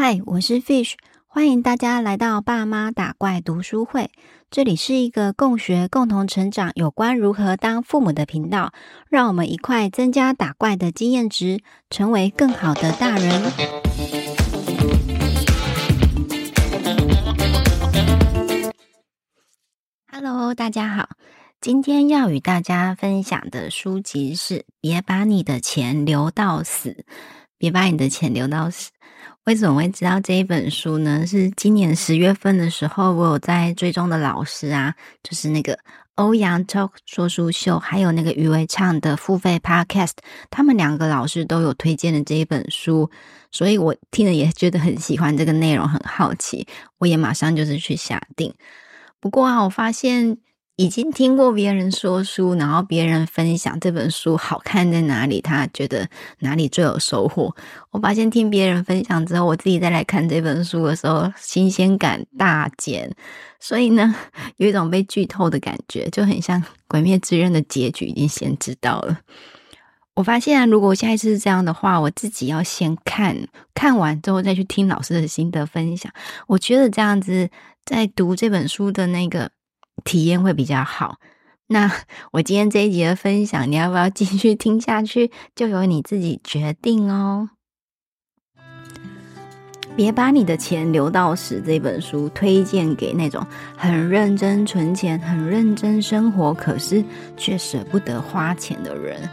嗨，Hi, 我是 Fish，歡迎大家來到爸媽打怪讀書會。這裡是一個共學、共同成長，有關如何當父母的頻道，讓我們一塊增加打怪的經驗值，成為更好的大人。Hello，大家好，今天要與大家分享的書籍是《別把你的錢留到死》，別把你的錢留到死。為什麼會知道這一本書呢？是今年十月份的時候，我有在追蹤的老師啊，就是那個歐陽 Talk 說書秀，還有那個於為暢的付費 Podcast，他們兩個老師都有推薦的這一本書，所以我聽了也覺得很喜歡這個內容，很好奇，我也馬上就是去下訂。不過啊，我發現。已經聽過別人說書，然後別人分享這本書好看在哪裡，他覺得哪裡最有收穫。我發現聽別人分享之後，我自己再來看這本書的時候，新鮮感大減，所以呢，有一種被劇透的感覺，就很像《鬼滅之刃》的結局已經先知道了。我發現啊，如果下一次是這樣的話，我自己要先看，看完之後再去聽老師的心得分享。我覺得這樣子在讀這本書的那個。體驗會比較好。那我今天這一集的分享，你要不要繼續聽下去？就由你自己決定哦。別把你的錢留到死這本書推薦給那種很認真存錢、很認真生活，可是卻捨不得花錢的人。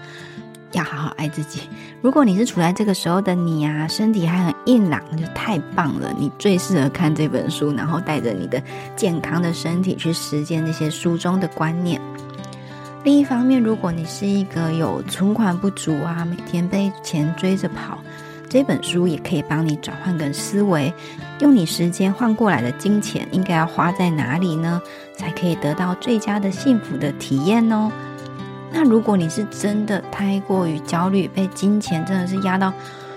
要好好愛自己。如果你是處在這個時候的你呀、啊，身體還很硬朗，就太棒了。你最適合看這本書，然後帶着你的健康的身體去實踐那些書中的觀念。另一方面，如果你是一個有存款不足啊，每天被錢追着跑，這本書也可以幫你轉換個思維，用你時間換過來的金錢應該要花在哪裡呢？才可以得到最佳的幸福的體驗哦。那如果你是真的太過於焦慮，被金錢真的是壓到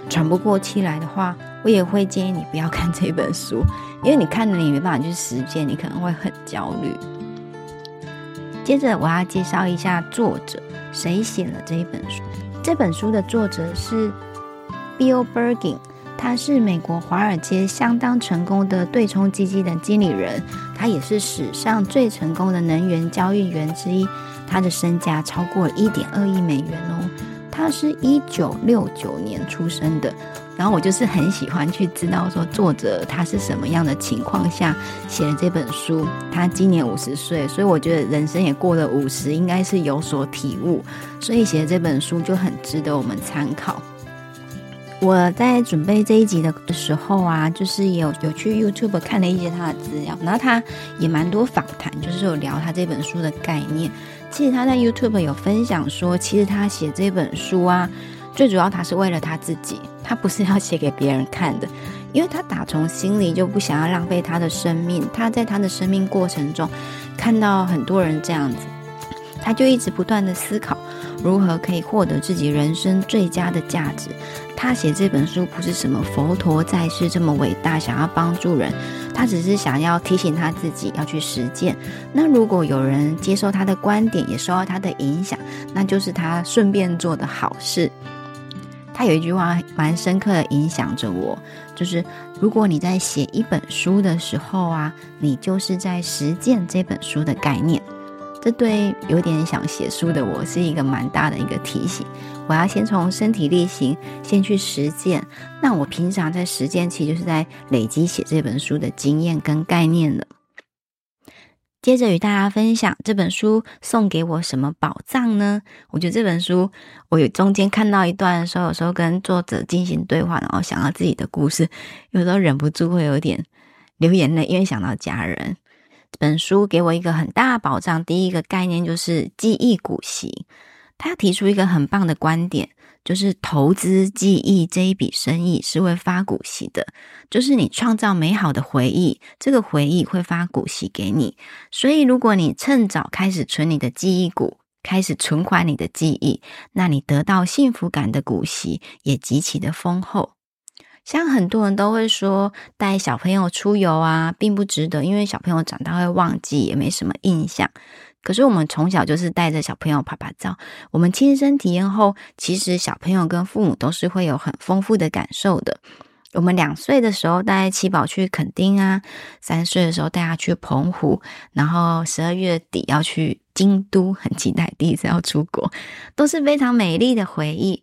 喘不過氣來的話，我也會建議你不要看這本書，因為你看了你沒辦法去實踐，你可能會很焦慮。接着我要介紹一下作者，誰寫了這一本書？這本書的作者是 Bill Perkins。他是美國華爾街相當成功的對沖基金的經理人，他也是史上最成功的能源交易員之一。他的身價超過一點二億美元哦。他是一九六九年出生的，然後我就是很喜歡去知道說作者他是什麼樣的情況下寫的這本書。他今年五十歲，所以我覺得人生也過了五十，應該是有所體悟，所以寫這本書就很值得我們參考。我在準備這一集的的時候啊，就是有有去 YouTube 看了一些他的資料，然後他也蠻多訪談，就是有聊他這本書的概念。其實他在 YouTube 有分享說，其實他寫這本書啊，最主要他是為了他自己，他不是要寫給別人看的，因為他打從心裡就不想要浪費他的生命。他在他的生命過程中，看到很多人這樣子，他就一直不斷的思考如何可以獲得自己人生最佳的價值。他寫這本書不是什麼佛陀在世這麼偉大，想要幫助人，他只是想要提醒他自己要去實踐。那如果有人接受他的觀點，也受到他的影響，那就是他順便做的好事。他有一句話蠻深刻的影響着我，就是如果你在寫一本書的時候啊，你就是在實踐這本書的概念。這對有點想寫書的我是一個蠻大的一個提醒，我要先從身體力行，先去實踐。那我平常在實踐，其實就是在累積寫這本書的經驗跟概念的。接着與大家分享這本書送給我什麼寶藏呢？我覺得這本書，我有中間看到一段的時候，有時候跟作者進行對話，然後想到自己的故事，有時候忍不住會有點流眼淚，因為想到家人。本書給我一個很大的寶藏。第一個概念就是記憶股息，他提出一個很棒的觀點，就是投資記憶這一筆生意是會發股息的。就是你創造美好的回憶，這個回憶會發股息給你。所以，如果你趁早開始存你的記憶股，開始存款你的記憶，那你得到幸福感的股息也極其的豐厚。像很多人都會說帶小朋友出遊啊，並不值得，因為小朋友長大會忘記，也沒什麼印象。可是我們從小就是帶着小朋友拍拍照，我們親身體驗後，其實小朋友跟父母都是會有很豐富的感受的。我們兩歲的時候帶七寶去墾丁啊，三歲的時候帶他去澎湖，然後十二月底要去京都，很期待第一次要出國，都是非常美麗的回憶。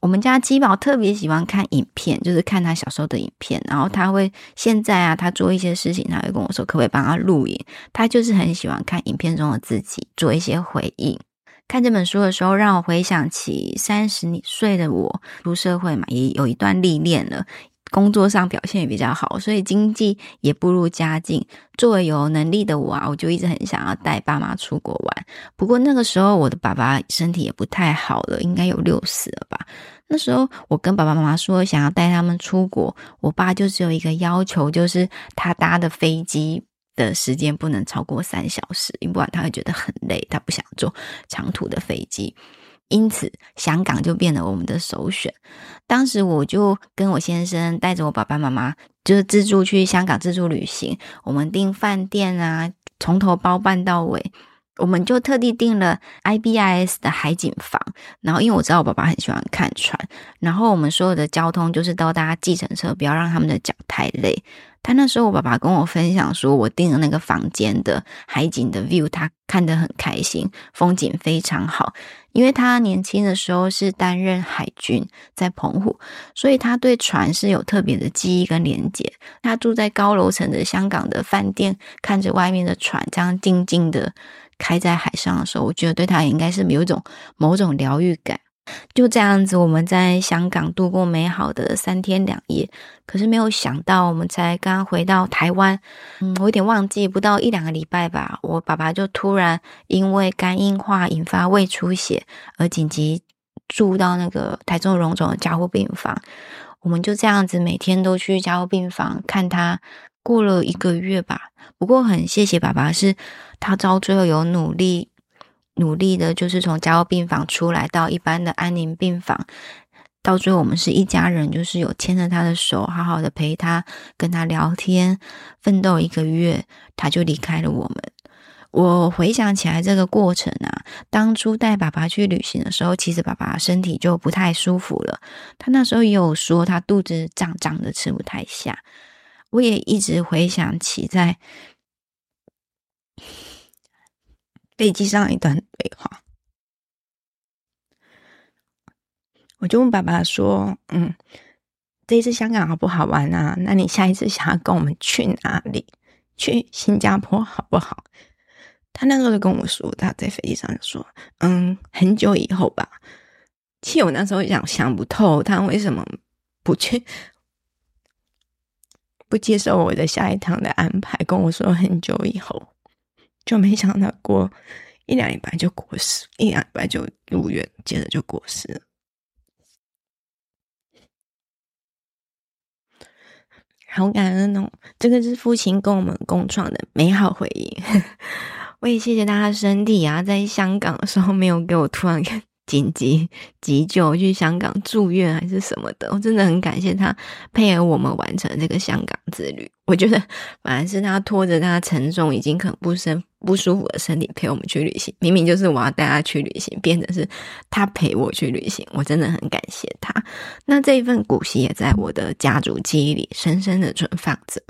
我們家七寶特別喜歡看影片，就是看他小時候的影片。然後他會現在啊，他做一些事情，他會跟我說可不可以幫他錄影。他就是很喜歡看影片中的自己做一些回應。看這本書的時候，讓我回想起三十歲歲的我，出社會嘛，也有一段歷練了，工作上表現也比較好，所以經濟也步入佳境。作為有能力的我啊，我就一直很想要帶爸媽出國玩。不過那個時候我的爸爸身體也不太好了，應該有六十了吧。那時候，我跟爸爸媽媽說想要帶他們出國，我爸就只有一個要求，就是他搭的飛機的時間不能超過三小時，要不然他會覺得很累，他不想坐長途的飛機。因此，香港就變得我們的首選。當時我就跟我先生帶着我爸爸媽媽，就是自助去香港自助旅行，我們訂飯店啊，從頭包辦到尾。我們就特地訂了 IBIS 的海景房，然後因為我知道我爸爸很喜歡看船，然後我們所有的交通就是都搭計程車，不要讓他們的腳太累。但那時候我爸爸跟我分享說，我訂了那個房間的海景的 view，他看得很開心，風景非常好。因為他年輕的時候是擔任海軍在澎湖，所以他對船是有特別的記憶跟連結。他住在高樓層的香港的飯店，看着外面的船這樣靜靜的開在海上的時候，我覺得對他也應該是有一種某種療癒感。就這樣子，我們在香港度過美好的三天兩夜。可是沒有想到，我們才剛回到台灣，嗯，我有點忘記，不到一兩個禮拜吧，我爸爸就突然因為肝硬化引發胃出血，而緊急住到那個台中榮總的加護病房。我們就這樣子，每天都去加護病房看他。過了一個月吧，不過很謝謝爸爸，是他到最後有努力努力的，就是從加護病房出來到一般的安寧病房，到最後我們是一家人，就是有牽着他的手，好好的陪他跟他聊天，奮鬥一個月，他就離開了我們。我回想起來這個過程啊，當初帶爸爸去旅行的時候，其實爸爸身體就不太舒服了，他那時候也有說他肚子脹脹的，吃不太下。我也一直回想起在飛機上一段對話，我就問爸爸說：“嗯，這一次香港好不好玩啊？那你下一次想要跟我們去哪裡？去新加坡好不好？”他那時候就跟我說，他在飛機上說：“嗯，很久以後吧。”其實我那時候想想不透他為什麼不去。不接受我的下一趟的安排，跟我說很久以後，就沒想到過一兩禮拜就過世，一兩禮拜就入院，接着就過世了。好感恩哦，這個是父親跟我們共創的美好回憶。 我也謝謝大家身體啊，在香港的時候沒有給我突然。緊急急救去香港住院還是什麼的，我真的很感謝他配合我們完成這個香港之旅。我覺得反而是他拖着他沉重已經很不身不舒服的身體陪我們去旅行。明明就是我要帶他去旅行，變成是他陪我去旅行。我真的很感謝他。那這一份股息也在我的家族記憶裡深深的存放着。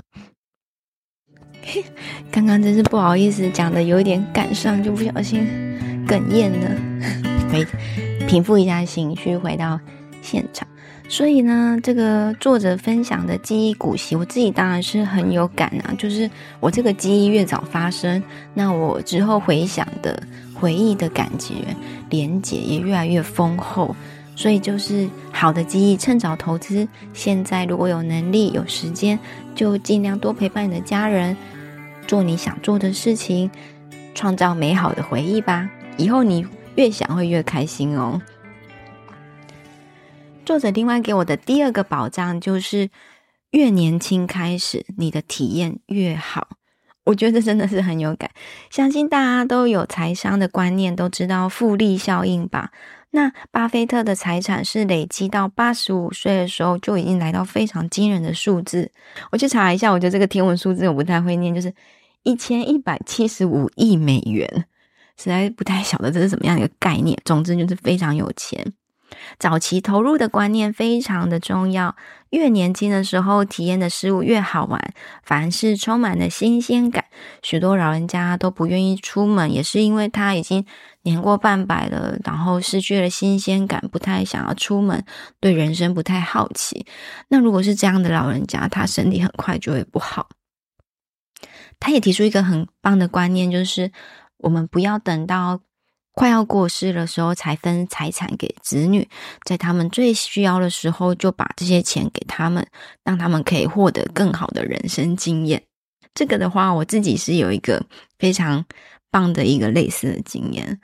剛剛真是不好意思，講得有點感傷，就不小心哽咽了。回平復一下情緒，回到現場。所以呢，這個作者分享的記憶股息，我自己當然是很有感啊。就是我這個記憶越早發生，那我之後回想的、回憶的感覺連接也越來越豐厚。所以就是好的記憶趁早投資。現在如果有能力、有時間，就盡量多陪伴你的家人，做你想做的事情，創造美好的回憶吧。以後你，越想會越開心哦。作者另外給我的第二個寶藏就是，越年輕開始，你的體驗越好。我覺得真的是很有感，相信大家都有財商的觀念，都知道複利效應吧？那巴菲特的財產是累積到八十五歲的時候，就已經來到非常驚人的數字。我去查一下，我覺得這個天文數字我不太會念，就是一千一百七十五億美元。實在不太曉得這是怎麼樣一個概念，總之就是非常有錢，早期投入的觀念非常的重要。越年輕的時候體驗的事物越好玩，凡事充滿了新鮮感。許多老人家都不願意出門，也是因為他已經年過半百了，然後失去了新鮮感，不太想要出門，對人生不太好奇。那如果是這樣的老人家，他身體很快就會不好。他也提出一個很棒的觀念，就是，我們不要等到快要過世的時候才分財產給子女。在他們最需要的時候就把這些錢給他們，讓他們可以獲得更好的人生經驗。這個的話，我自己是有一個非常棒的一個類似的經驗。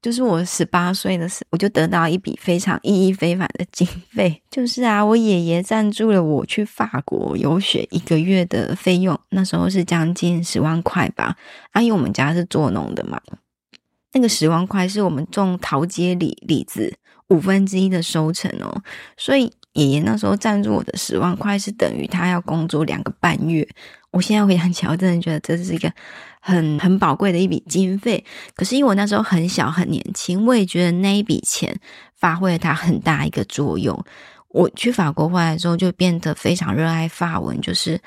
就是我十八歲的時候，我就得到一筆非常意義非凡的經費。就是啊，我爺爺贊助了我去法國遊學一個月的費用，那時候是將近十萬塊吧。啊，因為，我們家是做農的嘛，那個十萬塊是我們種桃接李李子五分之一的收成哦。所以爺爺那時候贊助我的十萬塊，是等於他要工作兩個半月。我現在回想起來，我真的覺得這是一個。很很寶貴的一筆經費，可是因為我那時候很小很年輕，我也覺得那一筆錢發揮了它很大一個作用。我去法國回來之後，就變得非常熱愛法文，就是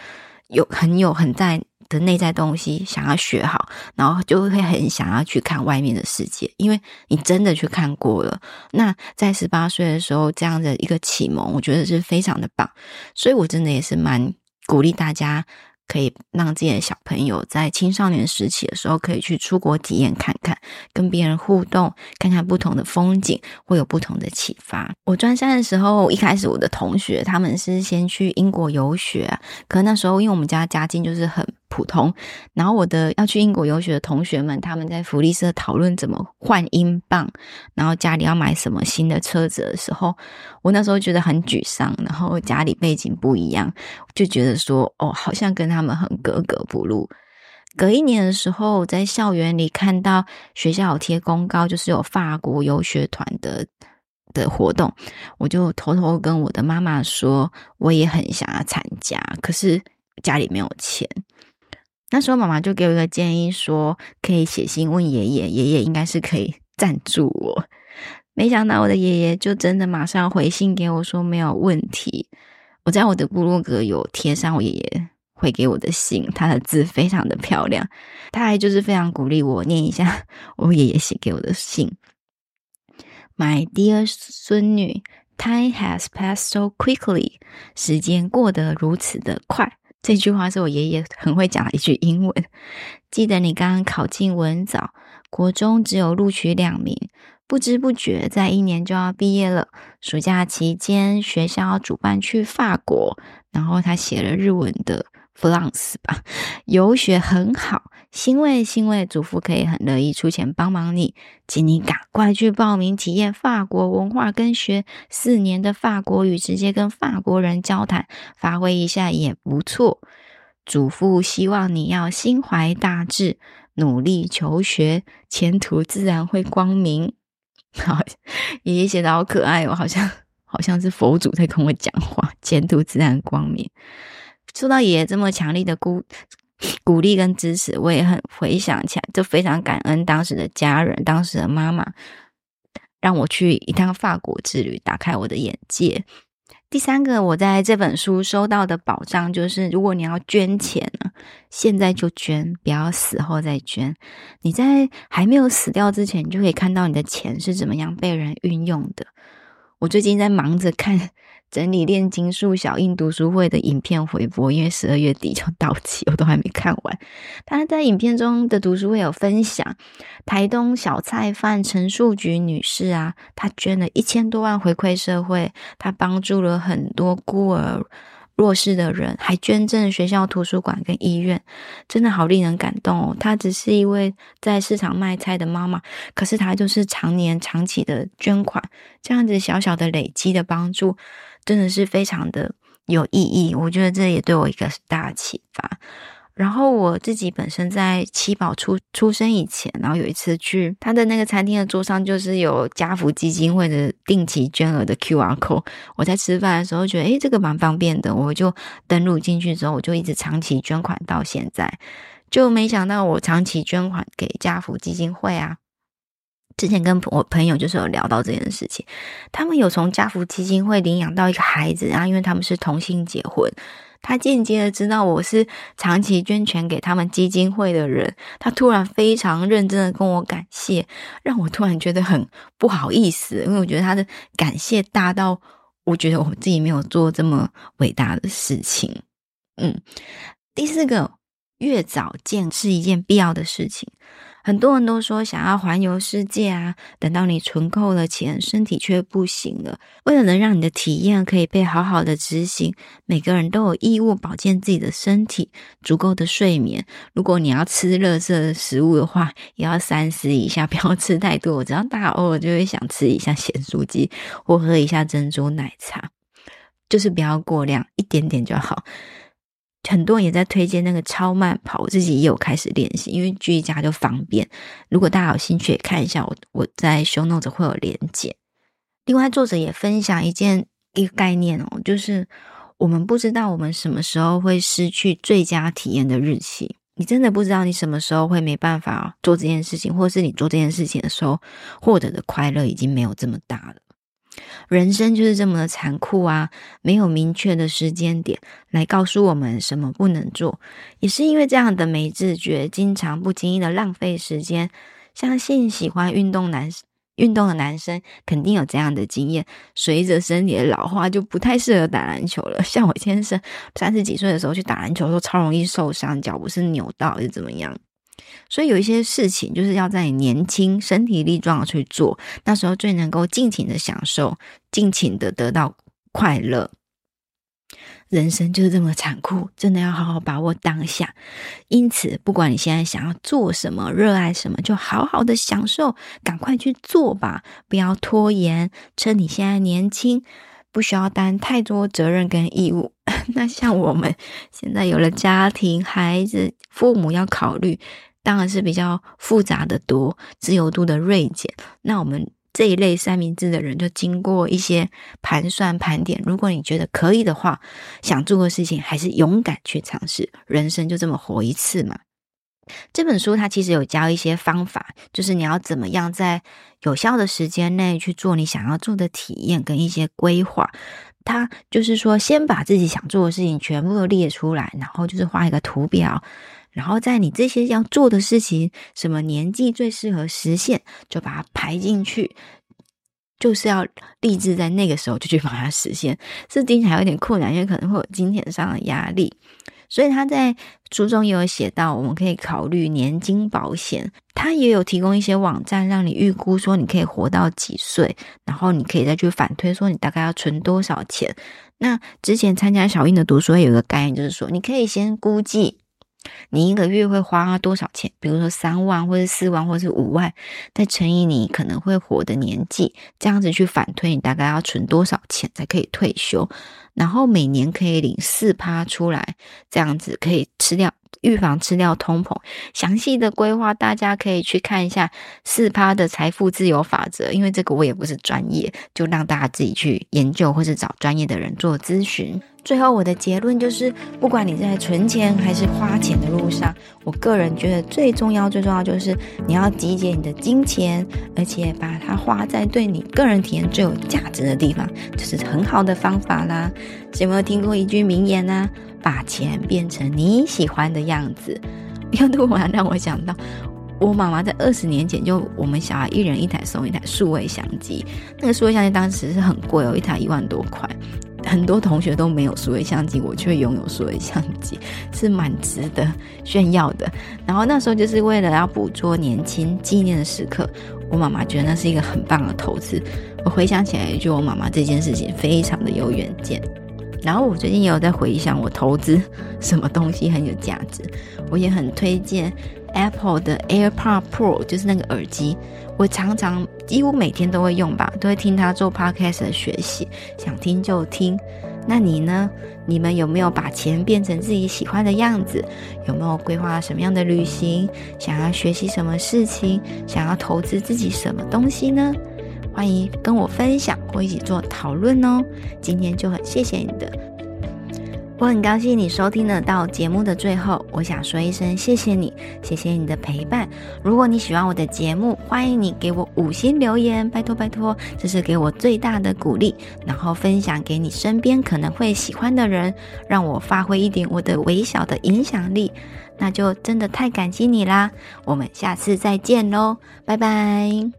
有很有很在的內在東西，想要學好，然後就會很想要去看外面的世界，因為你真的去看過了。那在十八歲的時候，這樣的一個啟蒙，我覺得是非常的棒，所以我真的也是蠻鼓勵大家。可以讓自己的小朋友在青少年時期的時候，可以去出國體驗看看，跟別人互動，看看不同的風景，會有不同的啟發。我專三的時候，一開始我的同學他們是先去英國遊學啊，可那時候因為我們家家境就是很普通，然後我的要去英國遊學的同學們，他們在福利社討論怎麼換英鎊，然後家裡要買什麼新的車子的時候，我那時候覺得很沮喪，然後家裡背景不一樣，就覺得說哦，好像跟他們很格格不入。隔一年的時候，我在校園裡看到學校有貼公告，就是有法國遊學團的的活動，我就偷偷跟我的媽媽說，我也很想要參加，可是家裡沒有錢。那時候媽媽就給我一個建議說，說可以寫信問爺爺，爺爺應該是可以贊助我。沒想到我的爺爺就真的馬上回信給我，說沒有問題。我在我的部落格有貼上我爺爺。會給我的信，他的字非常的漂亮。他還就是非常鼓勵我念一下我爺爺寫給我的信。My dear 孫女，Time has passed so quickly，時間過得如此的快。這句話是我爺爺很會講的一句英文。記得你剛剛考進文藻國中，只有錄取兩名，不知不覺在一年就要畢業了。暑假期間，學校要主辦去法國，然後他寫了日文的。France 吧，遊學很好，欣慰欣慰，祖父可以很樂意出錢幫忙你，請你趕快去報名體驗法國文化，跟學四年的法國語，直接跟法國人交談，發揮一下也不錯。祖父希望你要心懷大志，努力求學，前途自然會光明。好，爺爺寫得好可愛哦，我好像好像是佛祖在跟我講話，前途自然光明。受到爺爺這麼強力的鼓鼓勵跟支持，我也很回想起來，就非常感恩當時的家人，當時的媽媽，讓我去一趟法國之旅，打開我的眼界。第三個，我在這本書收到的寶藏就是，如果你要捐錢呢，現在就捐，不要死後再捐。你在還沒有死掉之前，你就可以看到你的錢是怎麼樣被人運用的。我最近在忙着看。整理《煉金術小印讀書會》的影片回播，因為十二月底就到期，我都還沒看完。他在影片中的讀書會有分享，台東小菜販陳樹菊女士啊，她捐了一千多萬回饋社會，她幫助了很多孤兒弱勢的人，還捐贈學校圖書館跟醫院，真的好令人感動哦。她只是一位在市場賣菜的媽媽，可是她就是常年長期的捐款，這樣子小小的累積的幫助。真的是非常的有意義，我覺得這也對我一個大啟發。然後我自己本身在七寶出出生以前，然後有一次去他的那個餐廳的桌上，就是有家福基金會的定期捐額的 QR code。我在吃飯的時候覺得，哎，這個蠻方便的，我就登錄進去之後，我就一直長期捐款到現在。就沒想到我長期捐款給家福基金會啊。之前跟我朋友就是有聊到這件事情，他們有從家福基金會領養到一個孩子，然後啊，因為他們是同性結婚，他間接的知道我是長期捐錢給他們基金會的人，他突然非常認真的跟我感謝，讓我突然覺得很不好意思，因為我覺得他的感謝大到我覺得我自己沒有做這麼偉大的事情。嗯，第四個越早見是一件必要的事情。很多人都說想要環遊世界啊，等到你存夠了錢，身體卻不行了。為了能讓你的體驗可以被好好的執行，每個人都有義務保健自己的身體，足夠的睡眠。如果你要吃垃圾食物的話，也要三思一下，不要吃太多。我知道大家偶爾就會想吃一下鹹酥雞或喝一下珍珠奶茶，就是不要過量，一點點就好。很多人也在推薦那個超慢跑，我自己也有開始練習，因為居家就方便。如果大家有興趣，也看一下我我在 show notes 會有連接。另外，作者也分享一件一個概念哦，就是我們不知道我們什麼時候會失去最佳體驗的日期。你真的不知道你什麼時候會沒辦法做這件事情，或者是你做這件事情的時候，獲得的快樂已經沒有這麼大了。人生就是這麼的殘酷啊！沒有明確的時間點來告訴我們什麼不能做，也是因為這樣的沒自覺，經常不經意的浪費時間。相信喜歡運動男運動的男生肯定有這樣的經驗：隨着身體的老化，就不太適合打籃球了。像我先生三十幾歲的時候去打籃球的時候，超容易受傷，腳不是扭到又怎麼樣。所以有一些事情，就是要在你年輕、身體力壯的去做，那時候最能夠盡情的享受，盡情的得到快樂。人生就是這麼殘酷，真的要好好把握當下。因此，不管你現在想要做什麼、熱愛什麼，就好好的享受，趕快去做吧，不要拖延，趁你現在年輕。不需要擔太多責任跟義務。那像我們現在有了家庭、孩子、父母要考慮，當然是比較複雜的多，自由度的銳減。那我們這一類三明治的人，就經過一些盤算盤點，如果你覺得可以的話，想做個事情，還是勇敢去嘗試。人生就這麼活一次嘛。這本書它其實有教一些方法，就是你要怎麼樣在有效的時間內去做你想要做的體驗跟一些規劃。它就是說，先把自己想做的事情全部都列出來，然後就是畫一個圖表，然後在你這些要做的事情，什麼年紀最適合實現，就把它排進去。就是要立志在那個時候就去把它實現，是經常有點困難，因為可能會有金錢上的壓力。所以他在書中也有寫到，我們可以考慮年金保險。他也有提供一些網站，讓你預估說你可以活到幾歲，然後你可以再去反推說你大概要存多少錢。那之前參加小英的讀書會，有一個概念，就是說你可以先估計你一個月會花多少錢，比如說三萬或者四萬或者是五萬，再乘以你可能會活的年紀，這樣子去反推你大概要存多少錢才可以退休。然後每年可以領四趴出來，這樣子可以吃掉。預防資料通膨，詳細的規劃大家可以去看一下四趴的財富自由法則，因為這個我也不是專業，就讓大家自己去研究或是找專業的人做諮詢。最後我的結論就是，不管你在存錢還是花錢的路上，我個人覺得最重要、最重要就是你要集結你的金錢，而且把它花在對你個人體驗最有價值的地方，這、就是很好的方法啦。有沒有聽過一句名言啊？把錢變成你喜歡的樣子，又突然讓我想到，我媽媽在二十年前就我們小孩一人一台送一台數位相機，那個數位相機當時是很貴哦，一台一萬多塊，很多同學都沒有數位相機，我卻擁有數位相機，是蠻值得炫耀的。然後那時候就是為了要捕捉年輕紀念的時刻，我媽媽覺得那是一個很棒的投資。我回想起來，就我媽媽這件事情非常的有遠見。然後我最近也有在回想，我投資什麼東西很有價值。我也很推薦 Apple 的 AirPods Pro，就是那個耳機，我常常幾乎每天都會用吧，都會聽它做 podcast 的學習，想聽就聽。那你呢？你們有沒有把錢變成自己喜歡的樣子？有沒有規劃什麼樣的旅行？想要學習什麼事情？想要投資自己什麼東西呢？歡迎跟我分享或一起做討論哦。今天就很謝謝你的，我很高興你收聽了到節目的最後。我想說一聲謝謝你，謝謝你的陪伴。如果你喜歡我的節目，歡迎你給我五星留言，拜託拜託，這是給我最大的鼓勵。然後分享給你身邊可能會喜歡的人，讓我發揮一點我的微小的影響力，那就真的太感激你啦。我們下次再見嘍，拜拜。